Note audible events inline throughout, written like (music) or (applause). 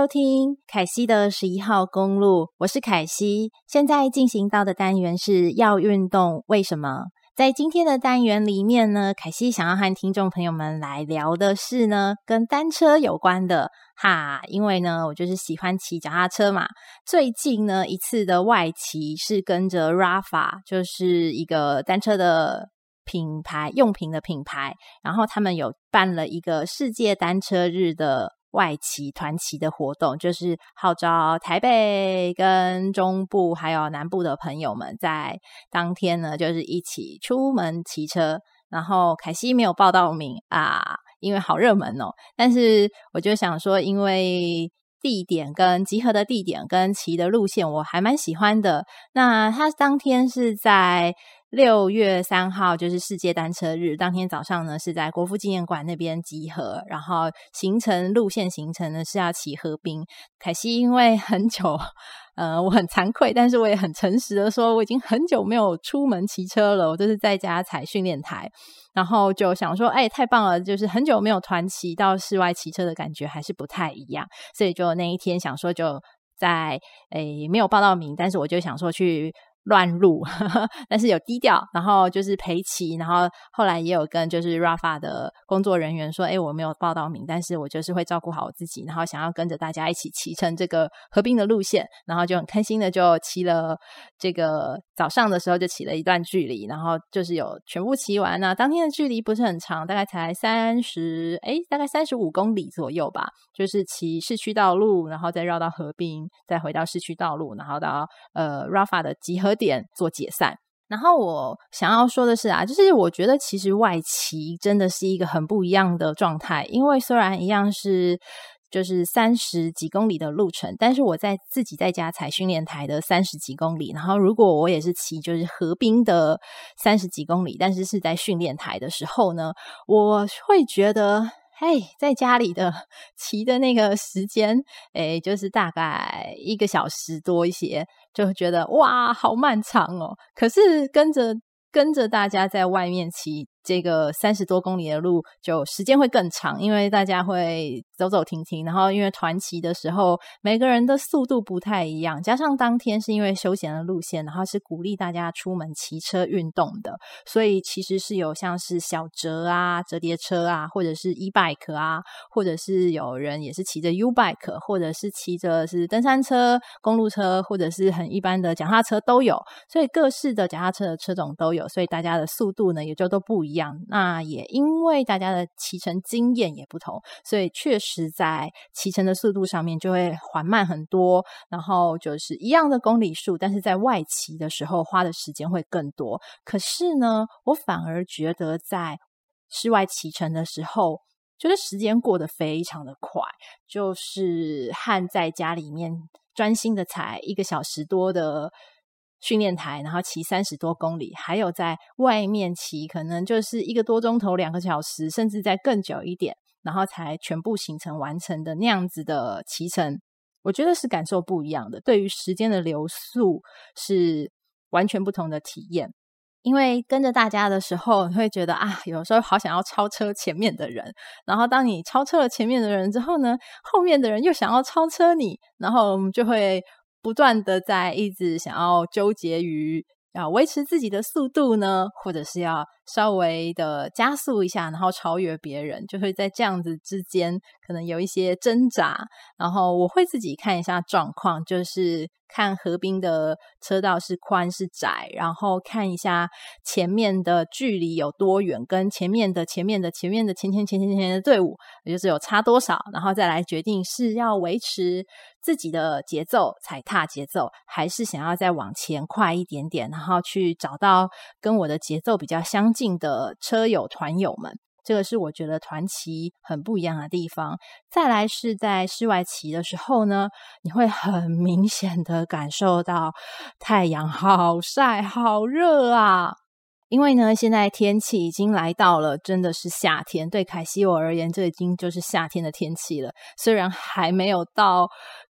收聽凱西的十一號公路，我是凱西。現在進行到的單元是要運動，為什麼？在今天的單元裡面呢，凱西想要和聽眾朋友們來聊的是呢，跟單車有關的。哈，因為呢，我就是喜歡騎腳踏車嘛。最近呢，一次的外騎是跟着 Rafa，就是一個單車的品牌，用品的品牌，然後他們有辦了一個世界單車日的。外騎團騎的活動，就是號召台北跟中部還有南部的朋友們，在當天呢，就是一起出門騎車。然後凱西沒有報到名啊，因為好熱門哦。但是我就想說，因為地點跟集合的地點跟騎的路線，我還蠻喜歡的。那他當天是在。六月三號就是世界單車日，當天早上呢是在國父紀念館那邊集合，然後行程路線行程呢是要騎河濱。可惜因為很久，呃，我很慚愧，但是我也很誠實的說，我已經很久沒有出門騎車了，我都是在家踩訓練台。然後就想說，哎，太棒了，就是很久沒有團騎到室外騎車的感覺還是不太一樣，所以就那一天想說就在誒、哎、沒有報到名，但是我就想說去。亂入呵呵，但是有低調，然後就是陪騎，然後後來也有跟就是 Rafa 的工作人員說：“哎，我沒有報到名，但是我就是會照顧好我自己，然後想要跟着大家一起騎乘這個河濱的路線。”然後就很開心的就騎了這個早上的時候就騎了一段距離，然後就是有全部騎完了、啊，當天的距離不是很長，大概才三十哎，大概三十五公里左右吧。就是騎市區道路，然後再繞到河濱，再回到市區道路，然後到呃 Rafa 的集合點做解散，然後我想要說的是啊，就是我覺得其實外騎真的是一個很不一樣的狀態，因為雖然一樣是就是三十幾公里的路程，但是我在自己在家踩訓練台的三十幾公里，然後如果我也是騎就是河濱的三十幾公里，但是是在訓練台的時候呢，我會覺得哎，在家裡的騎的那個時間，哎、欸，就是大概一個小時多一些。就覺得哇，好漫長哦！可是跟着跟着大家在外面騎。這個三十多公里的路就時間會更長，因為大家會走走停停。然後因為團騎的時候，每個人的速度不太一樣，加上當天是因為休閒的路線，然後是鼓勵大家出門騎車運動的，所以其實是有像是小折啊、折疊車啊，或者是 E-bike 啊，或者是有人也是騎着 U-bike，或者是騎着是登山車、公路車，或者是很一般的腳踏車都有，所以各式的腳踏車的車種都有，所以大家的速度呢也就都不一樣。那也因為大家的騎乘經驗也不同，所以確實在騎乘的速度上面就會緩慢很多。然後就是一樣的公里數，但是在外騎的時候花的時間會更多。可是呢，我反而覺得在室外騎乘的時候，覺得時間過得非常的快，就是和在家裡面專心的踩一個小時多的。訓練台，然後騎三十多公里，還有在外面騎，可能就是一個多鐘頭、兩個小時，甚至在更久一點，然後才全部行程完成的那樣子的騎程，我覺得是感受不一樣的，對於時間的流速是完全不同的體驗。因為跟着大家的時候，你會覺得啊，有時候好想要超車前面的人，然後當你超車了前面的人之後呢，後面的人又想要超車你，然後我們就會。不斷的在一直想要糾結於要維持自己的速度呢，或者是要。稍微的加速一下，然後超越別人，就會在這樣子之間可能有一些掙扎。然後我會自己看一下狀況，就是看河濱的車道是寬是窄，然後看一下前面的距離有多遠，跟前面的前面的前面的前前前前前，前的隊伍，也就是有差多少，然後再來決定是要維持自己的節奏，踩踏節奏，還是想要再往前快一點點，然後去找到跟我的節奏比較相近。近的車友團友們，這個是我覺得團騎很不一樣的地方。再來是在室外騎的時候呢，你會很明顯的感受到太陽好曬、好熱啊！因為呢，現在天氣已經來到了，真的是夏天。對凱西我而言，這已經就是夏天的天氣了，雖然還沒有到。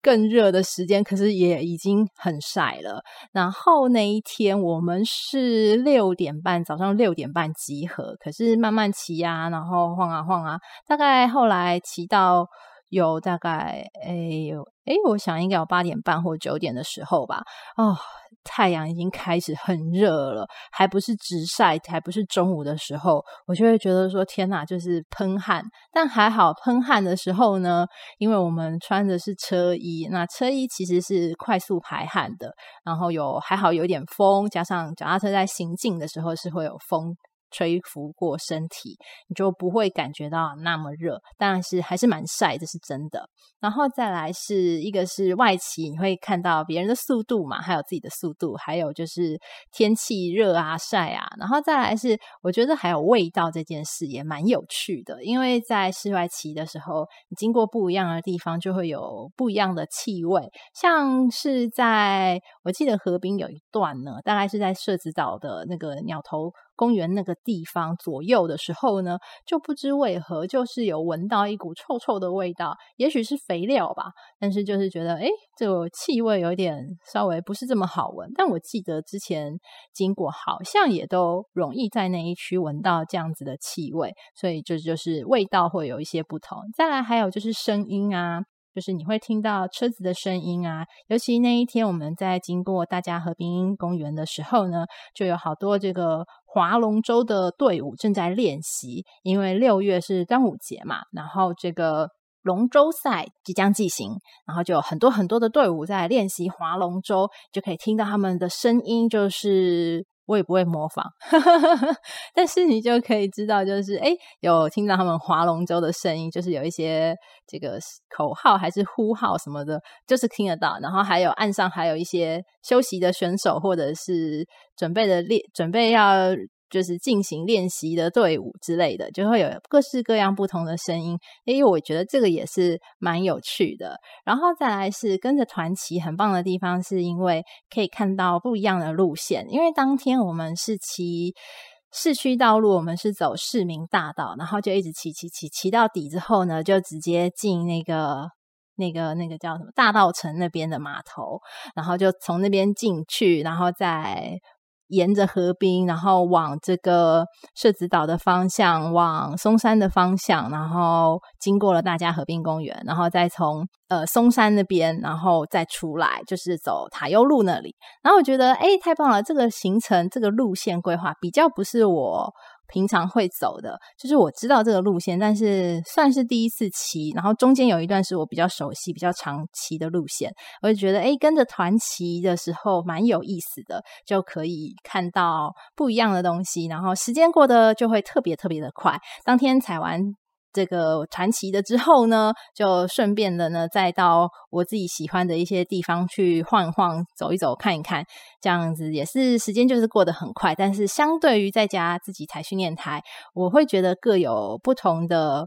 更熱的時間，可是也已經很曬了，然後那一天，我們是六點半早上六點半集合，可是慢慢騎呀、啊，然後晃啊晃啊，大概後來騎到有大概哎誒、有欸欸、我想應該有八點半或九點的時候吧，哦。太陽已經開始很熱了，還不是直曬，還不是中午的時候，我就會覺得說天哪，就是噴汗。但還好，噴汗的時候呢，因為我們穿的是車衣，那車衣其實是快速排汗的，然後有還好有點風，加上腳踏車在行進的時候是會有風。吹拂過身體，你就不會感覺到那麼熱，但是還是蠻曬，這是真的。然後再來是一個是外騎，你會看到別人的速度嘛，還有自己的速度，還有就是天氣熱啊、曬啊。然後再來是，我覺得還有味道這件事也蠻有趣的，因為在室外騎的時候，你經過不一樣的地方，就會有不一樣的氣味。像是在我記得河濱有一段呢，大概是在社子島的那個鳥頭。公園那個地方左右的時候呢，就不知為何，就是有聞到一股臭臭的味道，也許是肥料吧。但是就是覺得，誒、欸、這個氣味有點稍微不是這麼好聞。但我記得之前經過，好像也都容易在那一區聞到這樣子的氣味，所以這、就是、就是味道會有一些不同。再來還有就是聲音啊，就是你會聽到車子的聲音啊，尤其那一天我們在經過大佳河濱公園的時候呢，就有好多這個。划龍舟的隊伍正在練習，因為六月是端午節嘛，然後這個龍舟賽即將進行，然後就有很多很多的隊伍在練習划龍舟，就可以聽到他們的聲音，就是。我也不會模仿， (laughs) 但是你就可以知道，就是誒有聽到他們划龍舟的聲音，就是有一些這個口號還是呼號什麼的，就是聽得到。然後還有岸上還有一些休息的選手，或者是準備的列，準備要。就是進行練習的隊伍之類的，就會有各式各樣不同的聲音，因為我覺得這個也是蠻有趣的。然後再來是跟着團騎，很棒的地方是因為可以看到不一樣的路線。因為當天我們是騎市區道路，我們是走市民大道，然後就一直騎騎騎騎到底之後呢，就直接進那個那個那個叫什麼大稻埕那邊的碼頭，然後就從那邊進去，然後再。沿着河濱，然後往這個社子島的方向，往松山的方向，然後經過了大佳河濱公園，然後再從呃松山那邊，然後再出來，就是走塔悠路那裡。然後我覺得，哎，太棒了！這個行程，這個路線規劃比較不是我。平常會走的。就是我知道這個路線，但是算是第一次騎。然後中間有一段是我比較熟悉，比較常騎的路線，我就覺得誒，跟着團騎的時候蠻有意思的，就可以看到不一樣的東西。然後時間過得就會特別特別的快。當天踩完。這個團騎的之後呢，就順便的呢，再到我自己喜歡的一些地方去晃一晃、走一走、看一看，這樣子也是時間就是過得很快。但是相對於在家自己踩訓練台，我會覺得各有不同的，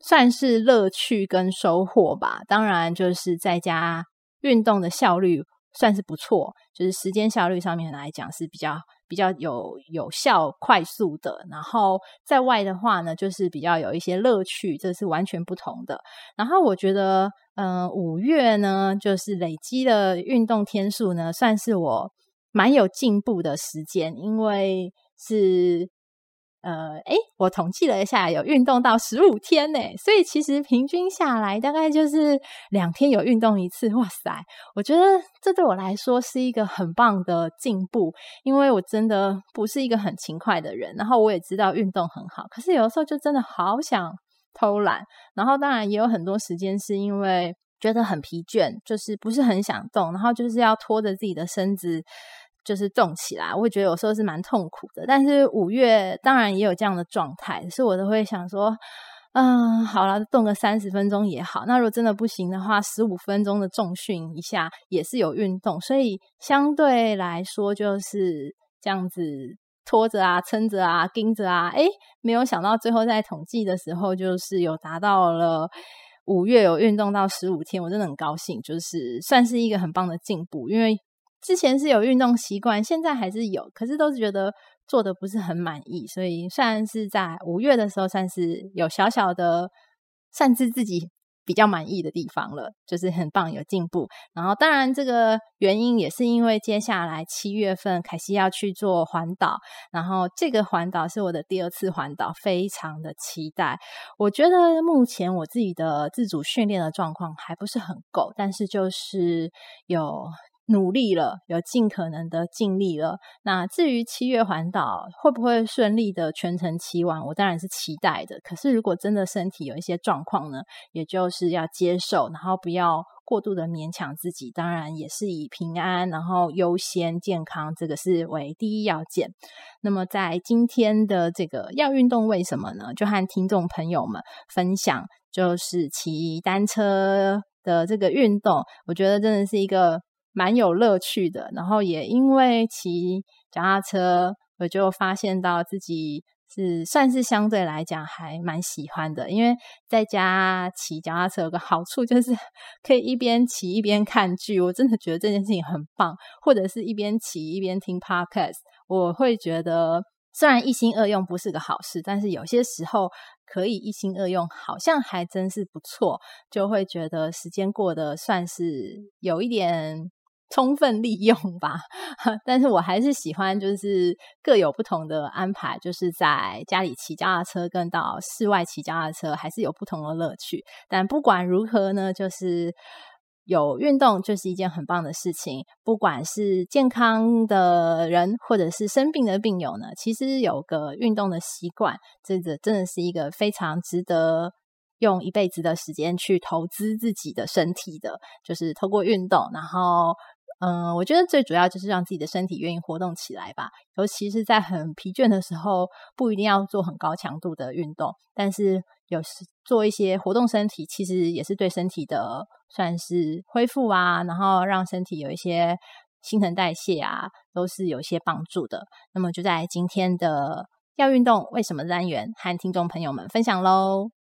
算是樂趣跟收穫吧。當然，就是在家運動的效率算是不錯，就是時間效率上面來講是比較。比較有有效、快速的，然後在外的話呢，就是比較有一些樂趣，這是完全不同的。然後我覺得，嗯、呃，五月呢，就是累積的運動天數呢，算是我蠻有進步的時間，因為是。呃，誒，我統計了一下，有運動到十五天呢，所以其實平均下來大概就是兩天有運動一次。哇塞，我覺得這對我來說是一個很棒的進步，因為我真的不是一個很勤快的人。然後我也知道運動很好，可是有時候就真的好想偷懶。然後當然也有很多時間是因為覺得很疲倦，就是不是很想動，然後就是要拖着自己的身子。就是動起來，我覺得有時候是蠻痛苦的。但是五月當然也有這樣的狀態，所以我都會想說，嗯，好啦，動個三十分鐘也好。那如果真的不行的話，十五分鐘的重訓一下也是有運動。所以相對來說，就是這樣子拖着啊、撐着啊、盯着啊，誒，沒有想到最後在統計的時候，就是有達到了五月有運動到十五天，我真的很高興，就是算是一個很棒的進步，因為。之前是有運動習慣，現在還是有，可是都是覺得做的不是很滿意，所以雖然是在五月的時候，算是有小小的，算是自己比較滿意的地方了，就是很棒，有進步。然後當然這個原因也是因為接下來七月份凱西要去做環島，然後這個環島是我的第二次環島，非常的期待。我覺得目前我自己的自主訓練的狀況還不是很夠，但是就是有。努力了，有盡可能的盡力了。那至於七月環島會不會順利的全程騎完，我當然是期待的。可是如果真的身體有一些狀況呢，也就是要接受，然後不要過度的勉強自己。當然也是以平安，然後優先健康這個是為第一要件。那麼在今天的這個要運動為什麼呢？就和聽眾朋友們分享，就是騎單車的這個運動，我覺得真的是一個。蠻有樂趣的，然後也因為騎腳踏車，我就發現到自己是算是相對來講還蠻喜歡的。因為在家騎腳踏車有個好處，就是可以一邊騎一邊看劇，我真的覺得這件事情很棒。或者是一邊騎一邊聽 Podcast，我會覺得雖然一心二用不是個好事，但是有些時候可以一心二用，好像還真是不錯，就會覺得時間過得算是有一點。充分利用吧，但是我還是喜歡，就是各有不同的安排。就是在家裡騎腳踏車，跟到室外騎腳踏車，還是有不同的樂趣。但不管如何呢，就是有運動就是一件很棒的事情。不管是健康的人，或者是生病的病友呢，其實有個運動的習慣，這個真的是一個非常值得用一輩子的時間去投資自己的身體的。就是透過運動，然後。嗯，我覺得最主要就是讓自己的身體願意活動起來吧，尤其是在很疲倦的時候，不一定要做很高強度的運動，但是有做一些活動身體，其實也是對身體的算是恢復啊，然後讓身體有一些新陳代謝啊，都是有一些幫助的。那麼就在今天的要運動為什麼單元，和聽眾朋友們分享嘍。